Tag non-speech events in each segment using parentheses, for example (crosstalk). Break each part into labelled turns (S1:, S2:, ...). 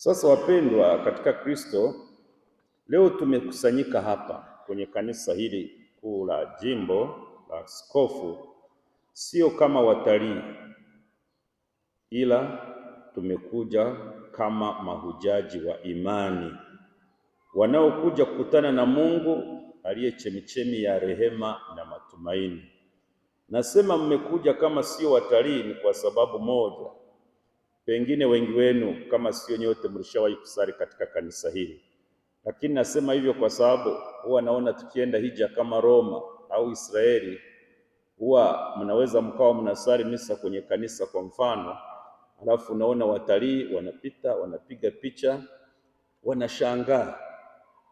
S1: Sasa wapendwa katika Kristo, leo tumekusanyika hapa kwenye kanisa hili kuu la jimbo la askofu, sio kama watalii, ila tumekuja kama mahujaji wa imani wanaokuja kukutana na Mungu aliye chemichemi ya rehema na matumaini. Nasema mmekuja kama sio watalii ni kwa sababu moja Pengine wengi wenu kama sio nyote mlishawahi kusali katika kanisa hili, lakini nasema hivyo kwa sababu huwa naona tukienda hija kama Roma au Israeli, huwa mnaweza mkawa mnasali misa kwenye kanisa kwa mfano, alafu naona watalii wanapita wanapiga picha wanashangaa,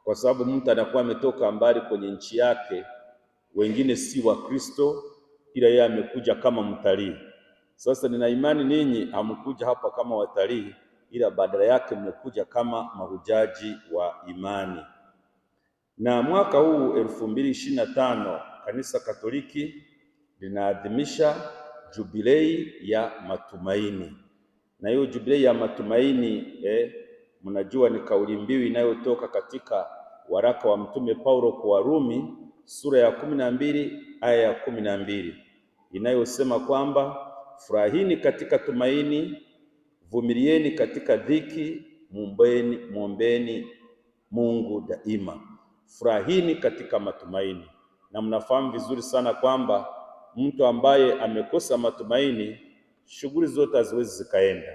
S1: kwa sababu mtu anakuwa ametoka mbali kwenye nchi yake, wengine si Wakristo, ila yeye amekuja kama mtalii. Sasa nina imani ninyi hamkuja hapa kama watalii, ila badala yake mmekuja kama mahujaji wa imani. Na mwaka huu elfu mbili na tano Kanisa Katoliki linaadhimisha jubilei ya matumaini, na hiyo jubilei ya matumaini eh, mnajua ni kauli mbiu inayotoka katika waraka wa Mtume Paulo kwa Warumi sura ya kumi na mbili aya ya kumi na mbili inayosema kwamba furahini katika tumaini, vumilieni katika dhiki, mumbeni muombeni Mungu daima. Furahini katika matumaini. Na mnafahamu vizuri sana kwamba mtu ambaye amekosa matumaini, shughuli zote haziwezi zikaenda.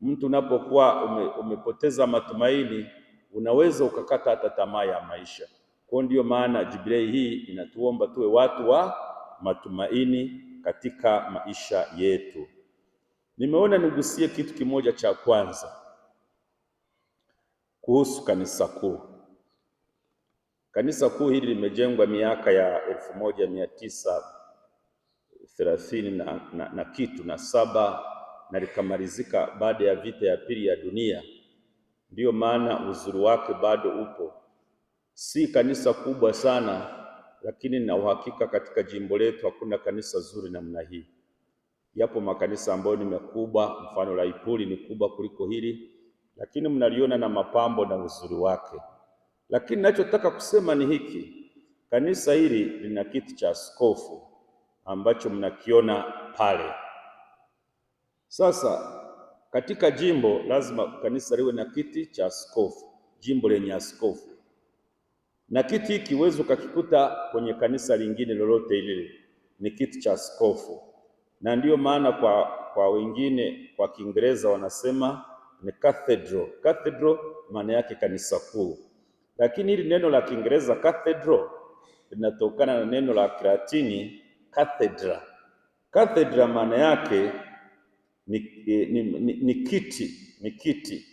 S1: Mtu unapokuwa ume, umepoteza matumaini, unaweza ukakata hata tamaa ya maisha. Kwa ndiyo maana jubilei hii inatuomba tuwe watu wa matumaini katika maisha yetu. Nimeona nigusie kitu kimoja cha kwanza kuhusu kanisa kuu. Kanisa kuu hili limejengwa miaka ya elfu moja mia tisa thelathini na, na, na kitu na saba na likamalizika baada ya vita ya pili ya dunia. Ndiyo maana uzuri wake bado upo. Si kanisa kubwa sana lakini na uhakika katika jimbo letu hakuna kanisa zuri namna hii. Yapo makanisa ambayo ni makubwa, mfano la Ipuli ni kubwa kuliko hili, lakini mnaliona na mapambo na uzuri wake. Lakini nachotaka kusema ni hiki, kanisa hili lina kiti cha askofu ambacho mnakiona pale. Sasa katika jimbo lazima kanisa liwe na kiti cha askofu, jimbo lenye askofu na kiti hiki huwezi ukakikuta kwenye kanisa lingine lolote lile, ni kiti cha askofu, na ndiyo maana kwa, kwa wengine kwa Kiingereza wanasema ni cathedral. Cathedral maana yake kanisa kuu, lakini hili neno la Kiingereza cathedral linatokana na neno la Kilatini cathedra. Cathedra maana yake ni, ni, ni, ni kiti, ni kiti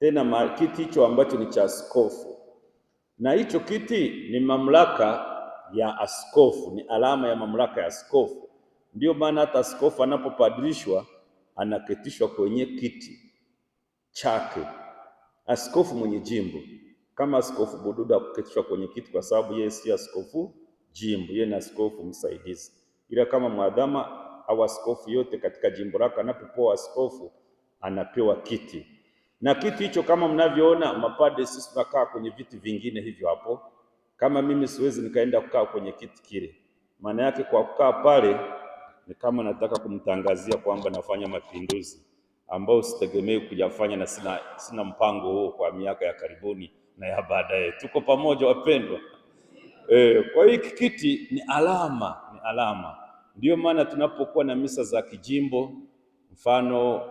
S1: tena ma, kiti hicho ambacho ni cha askofu na hicho kiti ni mamlaka ya askofu, ni alama ya mamlaka ya askofu. Ndiyo maana hata askofu anapopadilishwa anaketishwa kwenye kiti chake, askofu mwenye jimbo, kama askofu Bududa akuketishwa kwenye kiti, kwa sababu yeye si askofu jimbo, yeye ni askofu msaidizi. Ila kama mwadhama au askofu yote katika jimbo lake anapopoa askofu, anapewa kiti na kiti hicho kama mnavyoona, mapade sisi tunakaa kwenye viti vingine hivyo hapo. Kama mimi siwezi nikaenda kukaa kwenye kiti kile, maana yake kwa kukaa pale ni kama nataka kumtangazia kwamba nafanya mapinduzi ambayo sitegemei kuyafanya na sina, sina mpango huo kwa miaka ya karibuni na ya baadaye. Tuko pamoja wapendwa. E, kwa hiki kiti ni alama, ni alama. Ndiyo maana tunapokuwa na misa za kijimbo, mfano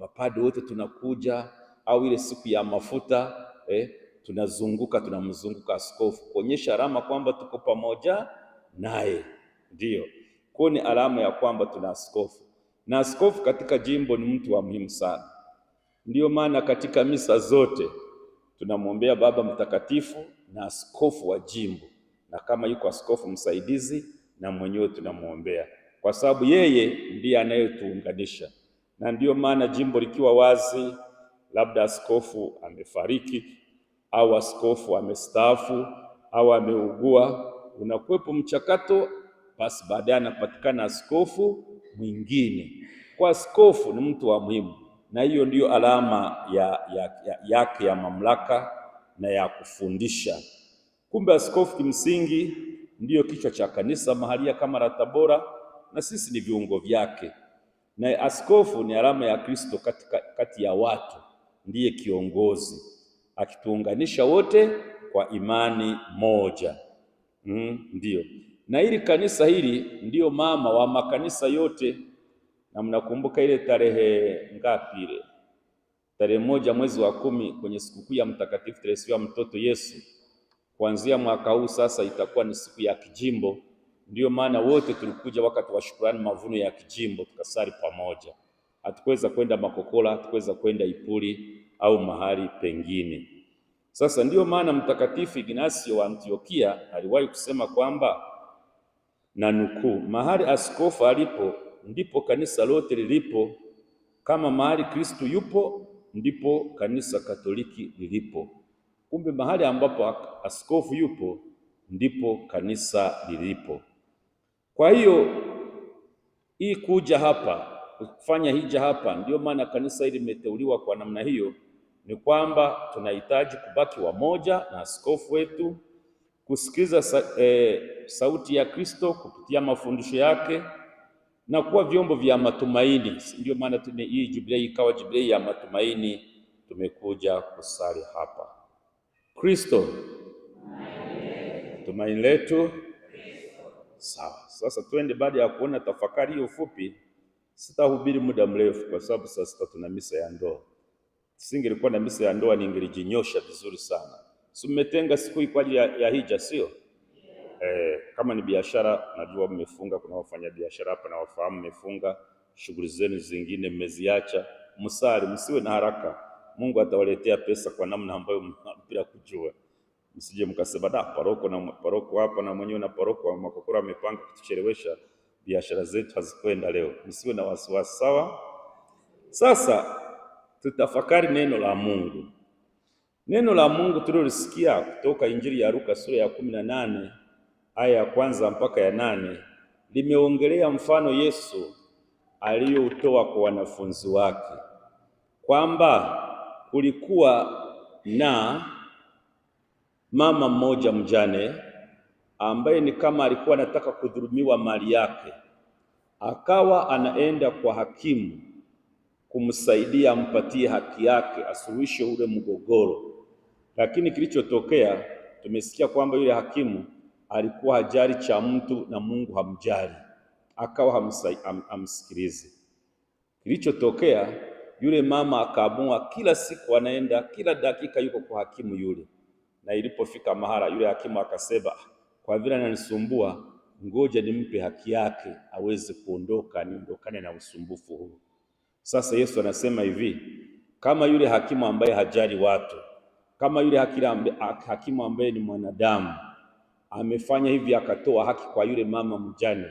S1: mapadre wote tunakuja au ile siku ya mafuta eh, tunazunguka tunamzunguka askofu kuonyesha alama kwamba tuko pamoja naye. Ndiyo, kwa ni alama ya kwamba tuna askofu, na askofu katika jimbo ni mtu wa muhimu sana. Ndiyo maana katika misa zote tunamwombea Baba Mtakatifu na askofu wa jimbo, na kama yuko askofu msaidizi na mwenyewe tunamwombea, kwa sababu yeye ndiye anayetuunganisha, na ndiyo maana jimbo likiwa wazi labda askofu amefariki au askofu amestaafu au ameugua, unakuwepo mchakato, basi baadaye anapatikana askofu mwingine. Kwa askofu ni mtu wa muhimu, na hiyo ndiyo alama ya, ya, ya, yake ya mamlaka na ya kufundisha. Kumbe askofu kimsingi ndiyo kichwa cha kanisa mahalia kama la Tabora, na sisi ni viungo vyake, na askofu ni alama ya Kristo kati ya watu ndiye kiongozi akituunganisha wote kwa imani moja. Mm, ndiyo. Na hili kanisa hili ndiyo mama wa makanisa yote, na mnakumbuka ile tarehe ngapi? Ile tarehe moja mwezi wa kumi kwenye sikukuu ya Mtakatifu Teresia mtoto Yesu. Kuanzia mwaka huu sasa itakuwa ni siku ya kijimbo, ndiyo maana wote tulikuja wakati wa shukrani mavuno ya kijimbo tukasali pamoja hatukuweza kwenda Makokola, hatukuweza kwenda Ipuli au mahali pengine. Sasa ndiyo maana Mtakatifu Ignasio wa Antiokia aliwahi kusema kwamba na nukuu, mahali askofu alipo ndipo kanisa lote lilipo, kama mahali Kristu yupo ndipo kanisa Katoliki lilipo. Kumbe mahali ambapo askofu yupo ndipo kanisa lilipo. Kwa hiyo hii kuja hapa kufanya hija hapa. Ndio maana kanisa hili limeteuliwa kwa namna hiyo, ni kwamba tunahitaji kubaki wamoja na askofu wetu, kusikiza sa, e, sauti ya Kristo kupitia mafundisho yake na kuwa vyombo vya matumaini. Ndio maana hii jubilei ikawa jubilei ya matumaini, tumekuja kusali hapa. Kristo tumaini letu. Sawa, sasa twende, baada ya kuona tafakari hiyo fupi Sitahubiri muda mrefu kwa sababu saa sita tuna misa ya ndoa. Singelikuwa na misa ya ndoa ningelijinyosha vizuri sana. Si mmetenga siku kwa ajili ya, ya hija sio? Eh, kama ni biashara najua mmefunga, kuna wafanya biashara hapa na wafahamu mmefunga, shughuli zenu zingine mmeziacha. Msali, msiwe na haraka. Mungu atawaletea pesa kwa namna ambayo (laughs) bila kujua. Msije mkasema da, paroko na paroko hapa na mwenyewe na paroko wa Makokora amepanga kutuchelewesha biashara zetu hazikwenda leo, msiwe na wasiwasi, sawa? Sasa tutafakari neno la Mungu. Neno la Mungu tulilosikia kutoka Injili ya Luka sura ya kumi na nane aya ya kwanza mpaka ya nane limeongelea mfano Yesu aliyoutoa kwa wanafunzi wake kwamba kulikuwa na mama mmoja mjane ambaye ni kama alikuwa anataka kudhulumiwa mali yake, akawa anaenda kwa hakimu kumsaidia ampatie haki yake, asuluhishe ule mgogoro. Lakini kilichotokea tumesikia kwamba yule hakimu alikuwa hajali cha mtu na Mungu hamjali, akawa hamsai, ham, hamsikilizi. Kilichotokea yule mama akaamua kila siku anaenda, kila dakika yuko kwa hakimu yule, na ilipofika mahala yule hakimu akasema kwa vile ananisumbua, ngoja nimpe haki yake aweze kuondoka, niondokane na usumbufu huu. Sasa Yesu anasema hivi, kama yule hakimu ambaye hajali watu, kama yule hakimu ambaye ni mwanadamu amefanya hivi, akatoa haki kwa yule mama mjane,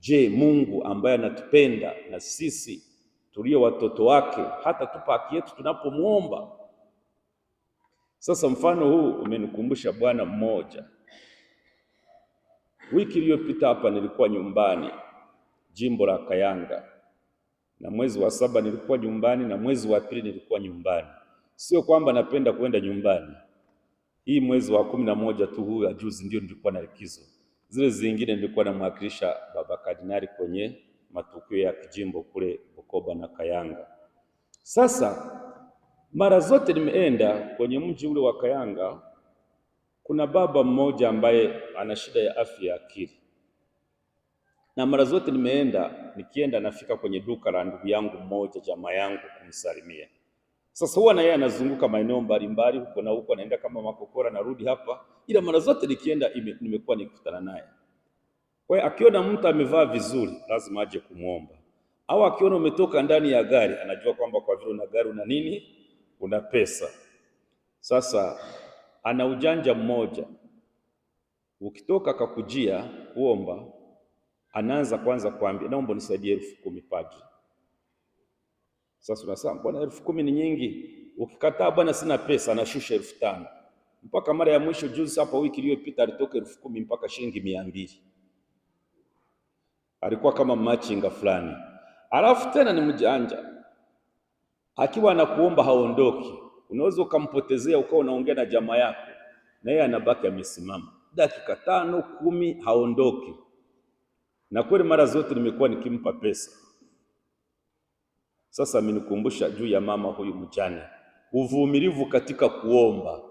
S1: je, Mungu ambaye anatupenda na sisi tulio watoto wake hata tupa haki yetu tunapomwomba? Sasa mfano huu umenikumbusha bwana mmoja Wiki iliyopita hapa nilikuwa nyumbani jimbo la Kayanga, na mwezi wa saba nilikuwa nyumbani, na mwezi wa pili nilikuwa nyumbani. Sio kwamba napenda kwenda nyumbani, hii mwezi wa kumi na moja tu huu ya juzi ndio nilikuwa na likizo, zile zingine nilikuwa namwakilisha baba kardinali kwenye matukio ya kijimbo kule Bukoba na Kayanga. Sasa mara zote nimeenda kwenye mji ule wa Kayanga kuna baba mmoja ambaye ana shida ya afya ya akili, na mara zote nimeenda nikienda, nafika kwenye duka la ndugu yangu mmoja, jamaa yangu kumsalimia. Sasa huwa na yeye anazunguka maeneo mbalimbali huko na huko, anaenda kama Makokora, narudi hapa, ila mara zote nikienda nimekuwa nikikutana naye. Kwa hiyo akiona mtu amevaa vizuri, lazima aje kumwomba, au akiona umetoka ndani ya gari, anajua kwamba kwa vile una gari una nini, una pesa. Sasa ana ujanja mmoja. Ukitoka kakujia kuomba, anaanza kwanza kuambia, naomba nisaidie elfu kumi padri. Sasa unasema bwana, elfu kumi ni nyingi. Ukikataa bwana, sina pesa, anashusha elfu tano mpaka mara ya mwisho juzi hapa wiki iliyopita alitoka elfu kumi mpaka shilingi mia mbili. Alikuwa kama machinga fulani. Alafu tena ni mjanja, akiwa anakuomba haondoki Unaweza ukampotezea ukawa unaongea na jamaa yako na yeye anabaki amesimama dakika tano kumi, haondoki. Na kweli mara zote nimekuwa nikimpa pesa. Sasa amenikumbusha juu ya mama huyu mjane, uvumilivu katika kuomba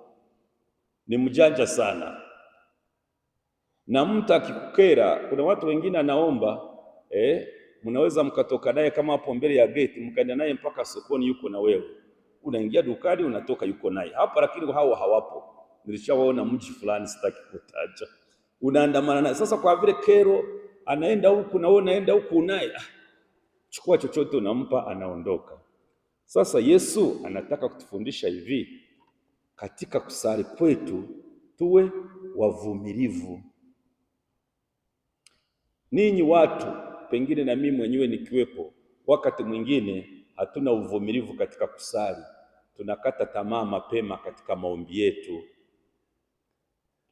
S1: ni mjanja sana, na mtu akikukera, kuna watu wengine anaomba eh, mnaweza mkatoka naye kama hapo mbele ya geti, mkaenda naye mpaka sokoni, yuko na wewe unaingia dukani unatoka, yuko naye hapa, lakini hao hawapo. Nilishawaona mji fulani, sitaki kutaja, unaandamana naye. Sasa kwa vile kero anaenda huku na wewe unaenda huku naye, ah, chukua chochote unampa, anaondoka. Sasa Yesu anataka kutufundisha hivi, katika kusali kwetu tuwe wavumilivu. Ninyi watu, pengine na mimi mwenyewe nikiwepo, wakati mwingine hatuna uvumilivu katika kusali, tunakata tamaa mapema katika maombi yetu,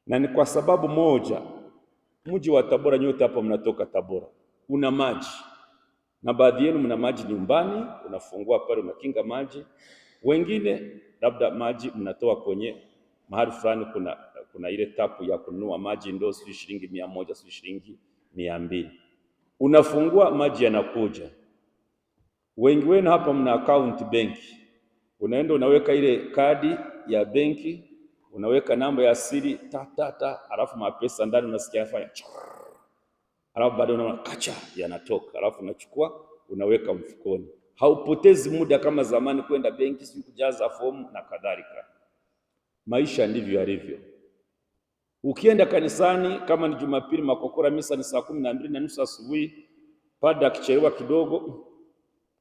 S1: na ni kwa sababu moja. Mji wa Tabora, nyote hapa mnatoka Tabora, una maji na baadhi yenu mna maji nyumbani, unafungua pale unakinga maji. Wengine labda maji mnatoa kwenye mahali fulani, kuna kuna ile tapu ya kununua maji ndoo, si shilingi mia moja, si shilingi mia mbili, unafungua maji yanakuja Wengi wenu hapa mna account benki, unaenda unaweka ile kadi ya benki, unaweka namba ya siri ta ta ta, alafu mapesa ndani unasikia yafanya, alafu baadaye unaona kacha yanatoka, alafu unachukua unaweka mfukoni. Haupotezi muda kama zamani kwenda benki, si kujaza fomu na kadhalika. Maisha ndivyo yalivyo. Ukienda kanisani kama ni Jumapili, makokora misa ni saa kumi na mbili na nusu asubuhi, pada akichelewa kidogo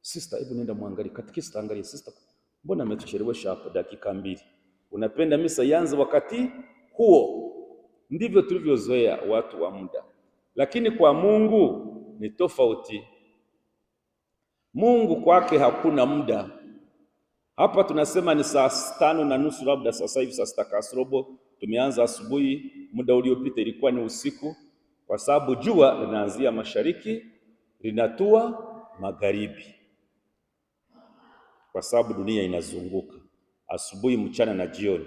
S1: Sister, hebu nenda muangalie. Katekista, angalie sister, mbona ametuchelewesha hapo dakika mbili? Unapenda misa yanze wakati huo. Ndivyo tulivyozoea watu wa muda, lakini kwa Mungu ni tofauti. Mungu kwake hakuna muda. Hapa tunasema ni saa tano na nusu, labda sasa hivi saa sita kasrobo. Tumeanza asubuhi, muda uliopita ilikuwa ni usiku, kwa sababu jua linaanzia mashariki linatua magharibi kwa sababu dunia inazunguka asubuhi, mchana na jioni,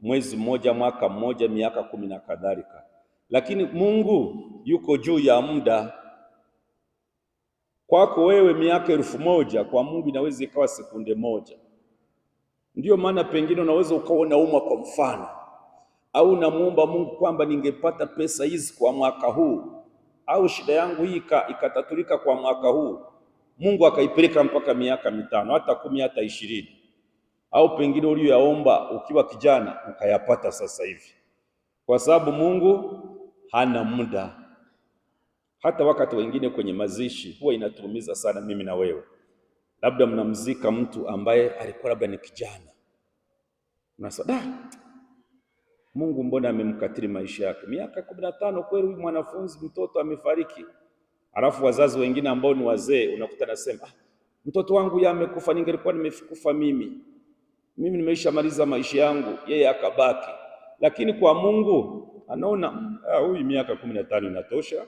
S1: mwezi mmoja, mwaka mmoja, miaka kumi na kadhalika, lakini Mungu yuko juu ya muda. Kwako wewe miaka elfu moja kwa Mungu inaweza ikawa sekunde moja. Ndiyo maana pengine unaweza ukawa unaumwa kwa mfano, au unamuomba Mungu kwamba ningepata pesa hizi kwa mwaka huu, au shida yangu hii ikatatulika kwa mwaka huu Mungu akaipeleka mpaka miaka mitano hata kumi hata ishirini au pengine uliyoyaomba ukiwa kijana ukayapata sasa hivi, kwa sababu Mungu hana muda. Hata wakati wengine kwenye mazishi huwa inatuumiza sana, mimi na wewe. Labda mnamzika mtu ambaye alikuwa labda ni kijana, unasada Mungu, mbona amemkatili maisha yake? Miaka kumi na tano, kweli huyu mwanafunzi mtoto amefariki Alafu wazazi wengine ambao ni wazee unakuta nasema ah, mtoto wangu amekufa ningelikuwa nimekufa mimi, mimi nimeishamaliza maisha yangu, yeye akabaki. Lakini kwa Mungu anaona ah, huyu miaka kumi na tano inatosha.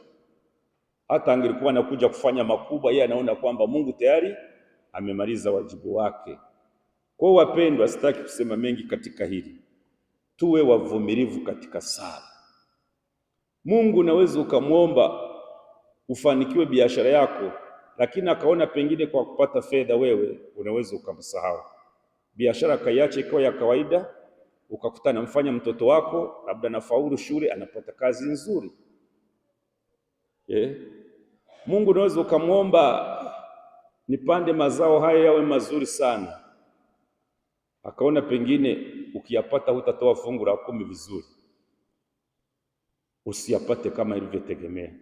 S1: Hata angelikuwa anakuja kufanya makubwa, yeye anaona kwamba Mungu tayari amemaliza wajibu wake. Kwa hiyo, wapendwa, sitaki kusema mengi katika hili, tuwe wavumilivu katika sala. Mungu unaweza ukamwomba ufanikiwe biashara yako, lakini akaona pengine kwa kupata fedha wewe unaweza ukamsahau. Biashara kaiache ikawa ya kawaida, ukakuta anamfanya mtoto wako labda anafaulu shule, anapata kazi nzuri yeah. Mungu unaweza ukamwomba nipande mazao haya yawe mazuri sana, akaona pengine ukiyapata hutatoa fungu la kumi vizuri, usiyapate kama ilivyotegemea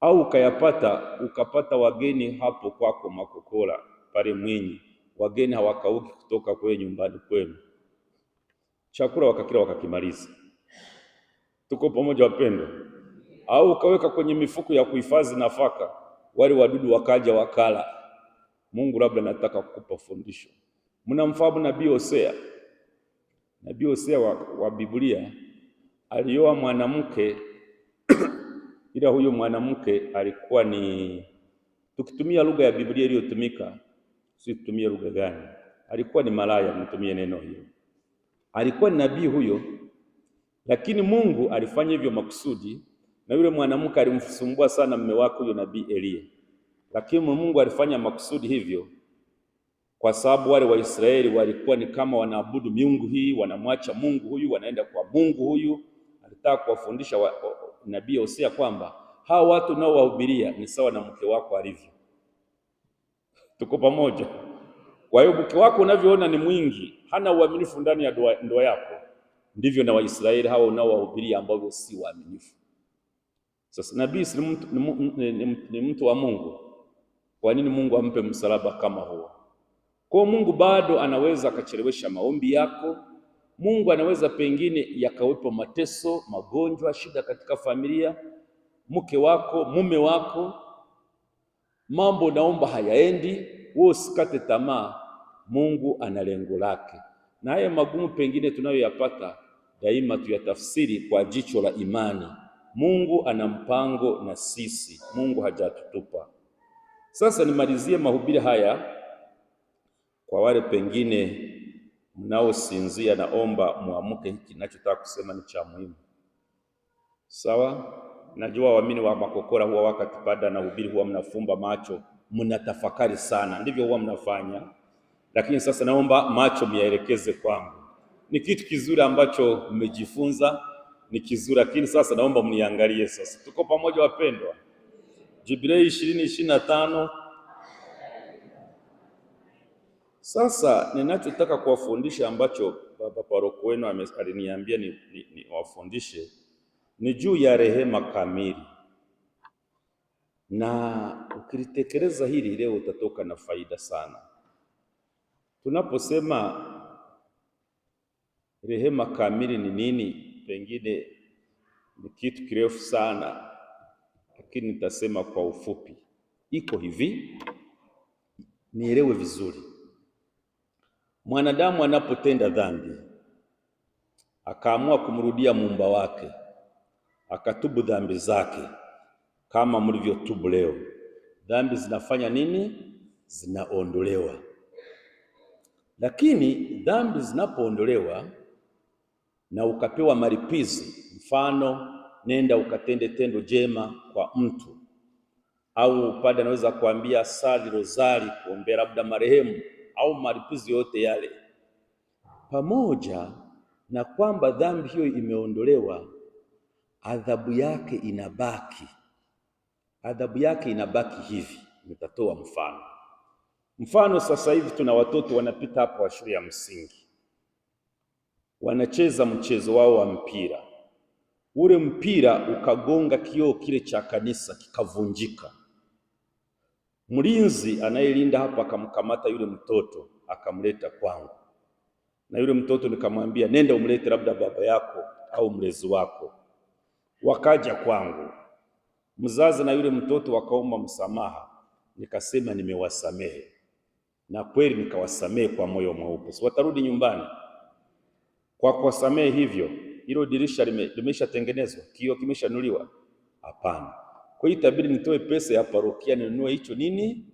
S1: au ukayapata ukapata wageni hapo kwako Makokola pale Mwinyi, wageni hawakauki kutoka kwenye nyumbani kwenu, chakula wakakila wakakimaliza. Tuko pamoja wapendwa? Au ukaweka kwenye mifuko ya kuhifadhi nafaka, wale wadudu wakaja wakala. Mungu labda nataka kukupa fundisho. Mnamfahamu nabii Hosea? Nabii Hosea wa, wa Biblia alioa mwanamke ila huyu mwanamke alikuwa ni, tukitumia lugha ya Biblia iliyotumika, si tutumie lugha gani? Alikuwa ni malaya, mtumie neno hilo. Alikuwa ni nabii huyo, lakini Mungu alifanya hivyo makusudi, na yule mwanamke alimsumbua sana mume wake huyo nabii Eliya, lakini Mungu alifanya makusudi hivyo kwa sababu wale Waisraeli walikuwa ni kama wanaabudu miungu hii, wanamwacha Mungu huyu, wanaenda kwa Mungu huyu. Alitaka kuwafundisha nabii Hosea kwamba hao watu unaowahubiria ni sawa na mke wako alivyo. Tuko pamoja? Kwa hiyo mke wako unavyoona ni mwingi, hana uaminifu ndani ya ndoa yako, ndivyo na Waisraeli hawa unaowahubiria ambao si waaminifu. Sasa nabii ni mtu wa Mungu, kwa nini Mungu ampe msalaba kama huo? Kwa Mungu bado anaweza akachelewesha maombi yako Mungu anaweza pengine yakawepo mateso, magonjwa, shida katika familia, mke wako, mume wako, mambo naomba hayaendi, wewe usikate tamaa. Mungu ana lengo lake, na haya magumu pengine tunayoyapata daima tuyatafsiri kwa jicho la imani. Mungu ana mpango na sisi, Mungu hajatutupa. Sasa nimalizie mahubiri haya kwa wale pengine mnaosinzia, naomba muamke, hiki ninachotaka kusema ni cha muhimu. Sawa, najua waamini wa makokora huwa wakati pada na hubiri huwa mnafumba macho, mnatafakari sana, ndivyo huwa mnafanya, lakini sasa naomba macho myaelekeze kwangu. Ni kitu kizuri ambacho mmejifunza, ni kizuri, lakini sasa naomba mniangalie sasa. Tuko pamoja wapendwa? Jubilei ishirini ishirini na tano sasa ninachotaka kuwafundisha ambacho baba paroko wenu aliniambia niwafundishe ni, ni, ni juu ya rehema kamili, na ukilitekeleza hili leo utatoka na faida sana. Tunaposema rehema kamili ni nini, pengine ni kitu kirefu sana, lakini nitasema kwa ufupi. Iko hivi, nielewe vizuri Mwanadamu anapotenda dhambi akaamua kumrudia muumba wake akatubu dhambi zake kama mlivyotubu leo, dhambi zinafanya nini? Zinaondolewa. Lakini dhambi zinapoondolewa na ukapewa malipizi, mfano nenda ukatende tendo jema kwa mtu, au padre anaweza kuambia sali rozari kuombea labda marehemu au malipizi yote yale, pamoja na kwamba dhambi hiyo imeondolewa, adhabu yake inabaki. Adhabu yake inabaki hivi. Nitatoa mfano. Mfano, sasa hivi tuna watoto wanapita hapo wa shule ya msingi, wanacheza mchezo wao wa mpira. Ule mpira ukagonga kioo kile cha kanisa kikavunjika mlinzi anayelinda hapa akamkamata yule mtoto akamleta kwangu, na yule mtoto nikamwambia, nenda umlete labda baba yako au mlezi wako. Wakaja kwangu, mzazi na yule mtoto wakaomba msamaha, nikasema nimewasamehe, na kweli nikawasamehe kwa moyo mweupe. Si watarudi nyumbani kwa kuwasamehe hivyo? Hilo dirisha limeshatengenezwa, kioo kimeshanuliwa? Hapana. Kwa hiyo itabidi nitoe pesa ya parokia ninunue hicho nini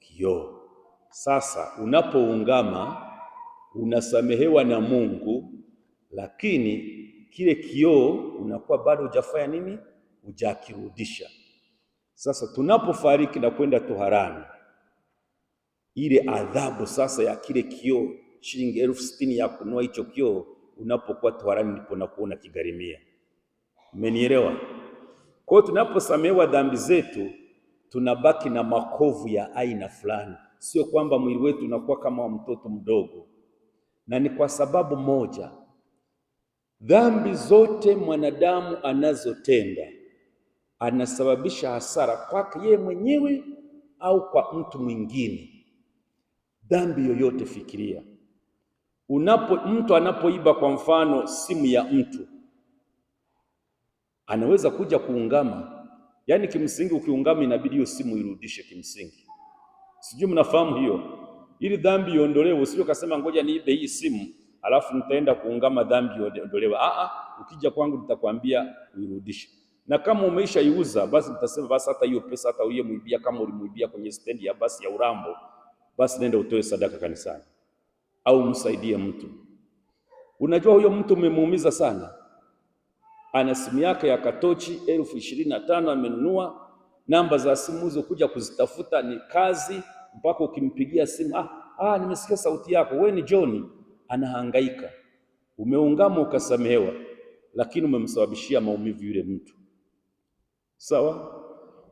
S1: kioo. Sasa unapoungama unasamehewa na Mungu, lakini kile kioo unakuwa bado hujafanya nini, hujakirudisha. Sasa tunapofariki na kwenda toharani, ile adhabu sasa ya kile kioo, shilingi elfu sitini ya kunua hicho kioo, unapokuwa toharani ndipo na kigarimia kigharimia. Umenielewa? Kwa hiyo tunaposamehewa dhambi zetu tunabaki na makovu ya aina fulani, sio kwamba mwili wetu unakuwa kama wa mtoto mdogo. Na ni kwa sababu moja, dhambi zote mwanadamu anazotenda anasababisha hasara kwake yeye mwenyewe au kwa mtu mwingine. Dhambi yoyote, fikiria unapo, mtu anapoiba kwa mfano simu ya mtu anaweza kuja kuungama. Yaani kimsingi ukiungama inabidi hiyo simu irudishe, kimsingi. Sijui mnafahamu hiyo, ili dhambi iondolewe. Usije ukasema ngoja niibe hii simu alafu nitaenda kuungama dhambi iondolewe. A ah, a, ah, ukija kwangu nitakwambia uirudishe, na kama umeishaiuza basi nitasema basi hata hiyo pesa hata muibia, kama ulimuibia kwenye stendi ya basi ya Urambo, basi nenda utoe sadaka kanisani au msaidie mtu. Unajua huyo mtu umemuumiza sana ana simu yake ya katochi elfu ishirini na tano amenunua. Namba za simu hizo kuja kuzitafuta ni kazi, mpaka ukimpigia simu ah, ah, nimesikia sauti yako, we ni John. Anahangaika, umeungama ukasamehewa, lakini umemsababishia maumivu yule mtu. Sawa.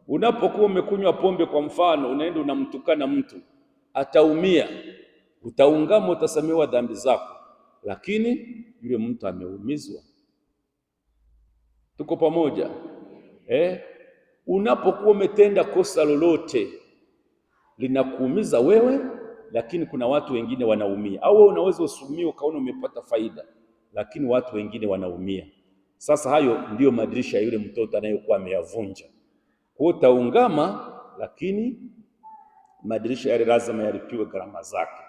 S1: Unapokuwa umekunywa pombe kwa mfano, unaenda unamtukana mtu, ataumia, utaungama, utasamehewa dhambi zako, lakini yule mtu ameumizwa. Tuko pamoja eh? Unapokuwa umetenda kosa lolote linakuumiza wewe, lakini kuna watu wengine wanaumia, au wewe unaweza usumie ukaona umepata faida, lakini watu wengine wanaumia. Sasa hayo ndiyo madirisha ya yule mtoto anayekuwa ameyavunja. Kwa hiyo utaungama, lakini madirisha yale lazima yalipiwe gharama zake.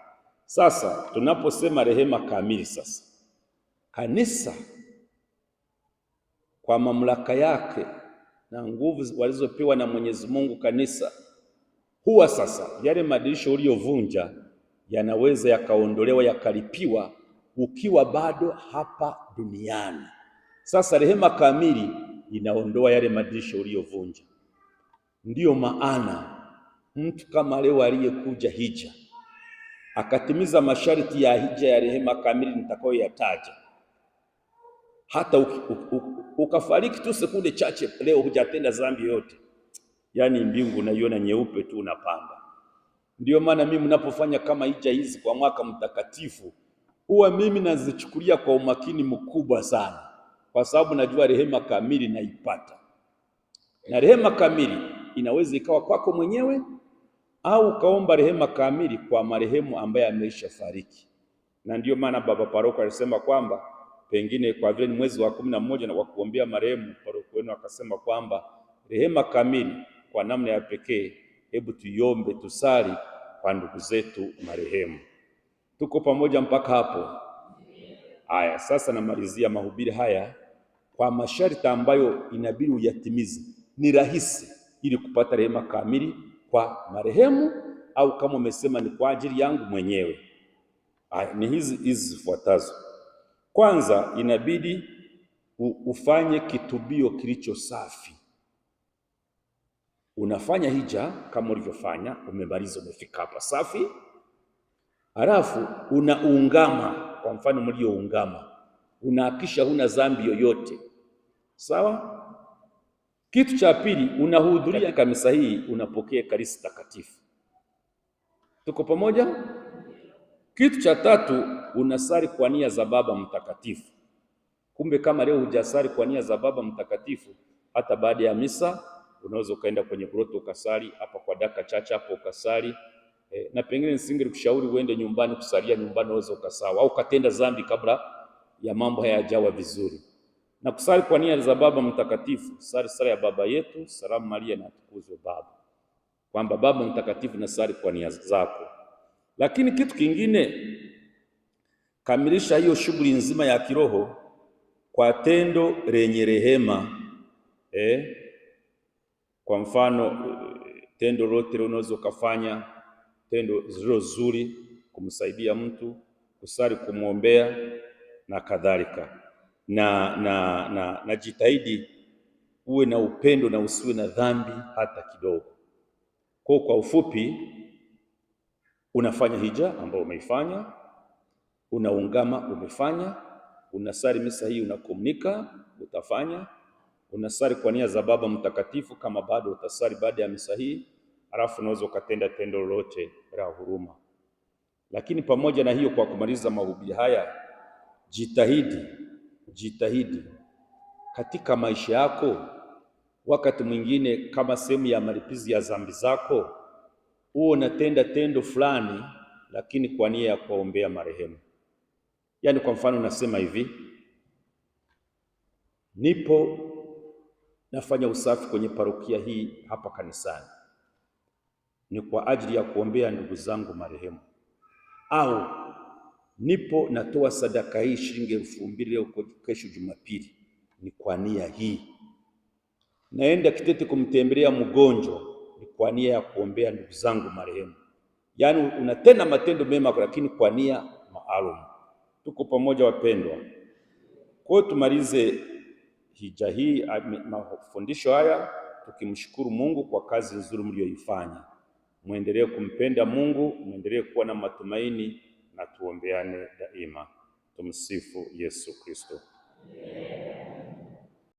S1: Sasa tunaposema rehema kamili, sasa kanisa kwa mamlaka yake na nguvu walizopewa na Mwenyezi Mungu kanisa. Huwa sasa yale madirisha uliyovunja yanaweza yakaondolewa yakalipiwa ukiwa bado hapa duniani. Sasa rehema kamili inaondoa yale madirisha uliyovunja. Ndiyo maana mtu kama leo aliyekuja hija akatimiza masharti ya hija ya rehema kamili nitakayoyataja hata ukafariki tu sekunde chache leo, hujatenda dhambi yote, yani mbingu naiona nyeupe tu, unapanda. Ndio maana mimi mnapofanya kama hija hizi kwa mwaka mtakatifu, huwa mimi nazichukulia kwa umakini mkubwa sana, kwa sababu najua rehema kamili naipata, na rehema kamili inaweza ikawa kwako mwenyewe au ukaomba rehema kamili kwa marehemu ambaye ameisha fariki. Na ndiyo maana baba paroko alisema kwamba pengine kwa vile ni mwezi wa kumi na moja na wa kuombea marehemu, paroko wenu akasema kwamba rehema kamili kwa namna ya pekee, hebu tuiombe, tusali kwa ndugu zetu marehemu. Tuko pamoja mpaka hapo? Haya, sasa namalizia mahubiri haya kwa masharti ambayo inabidi uyatimize. Ni rahisi ili kupata rehema kamili kwa marehemu, au kama umesema ni kwa ajili yangu mwenyewe. Haya, ni hizi hizi zifuatazo. Kwanza inabidi ufanye kitubio kilicho safi. Unafanya hija kama ulivyofanya, umemaliza, umefika hapa safi, halafu unaungama. Kwa mfano mlioungama, unahakisha huna dhambi yoyote, sawa. Kitu cha pili, unahudhuria kanisa hii, unapokea Ekaristi Takatifu. Tuko pamoja? Kitu cha tatu, unasali kwa nia za Baba Mtakatifu. Kumbe kama leo hujasali kwa nia za Baba Mtakatifu, hata baada ya misa unaweza ukaenda kwenye groto ukasali, hapa kwa dakika chache hapo ukasali e, na pengine kushauri uende nyumbani kusalia nyumbani, unaweza ukasawa au ukatenda dhambi kabla ya mambo hayajawa vizuri. Na kusali kwa nia za Baba Mtakatifu, sali sala ya Baba Yetu, Salamu Maria na Atukuzwe Baba, kwamba Baba Mtakatifu, nasali kwa nia zako lakini kitu kingine, kamilisha hiyo shughuli nzima ya kiroho kwa tendo lenye rehema eh? Kwa mfano tendo lote unaweza ukafanya tendo zilo zuri, kumsaidia mtu, kusali, kumwombea na kadhalika, na na na na jitahidi uwe na upendo na usiwe na dhambi hata kidogo. Kwa kwa ufupi Unafanya hija ambayo umeifanya, unaungama umefanya, unasari misa hii unakomunika utafanya, unasari kwa nia za Baba Mtakatifu kama bado utasari baada ya misa hii, alafu unaweza ukatenda tendo lolote la huruma. Lakini pamoja na hiyo, kwa kumaliza mahubiri haya, jitahidi, jitahidi katika maisha yako, wakati mwingine kama sehemu ya malipizi ya dhambi zako huo unatenda tendo fulani, lakini kwa nia ya kuwaombea marehemu. Yaani kwa mfano unasema hivi, nipo nafanya usafi kwenye parokia hii hapa kanisani, ni kwa ajili ya kuombea ndugu zangu marehemu, au nipo natoa sadaka hii shilingi elfu mbili leo, kesho Jumapili, ni kwa nia hii. Naenda Kitete kumtembelea mgonjwa kwa nia ya kuombea ndugu zangu marehemu. Yaani unatenda matendo mema, lakini kwa nia maalum. Tuko pamoja wapendwa. Kwa hiyo tumalize hija hii, mafundisho haya tukimshukuru Mungu kwa kazi nzuri mliyoifanya. Mwendelee kumpenda Mungu, mwendelee kuwa na matumaini na tuombeane daima. Tumsifu Yesu Kristo. Yeah.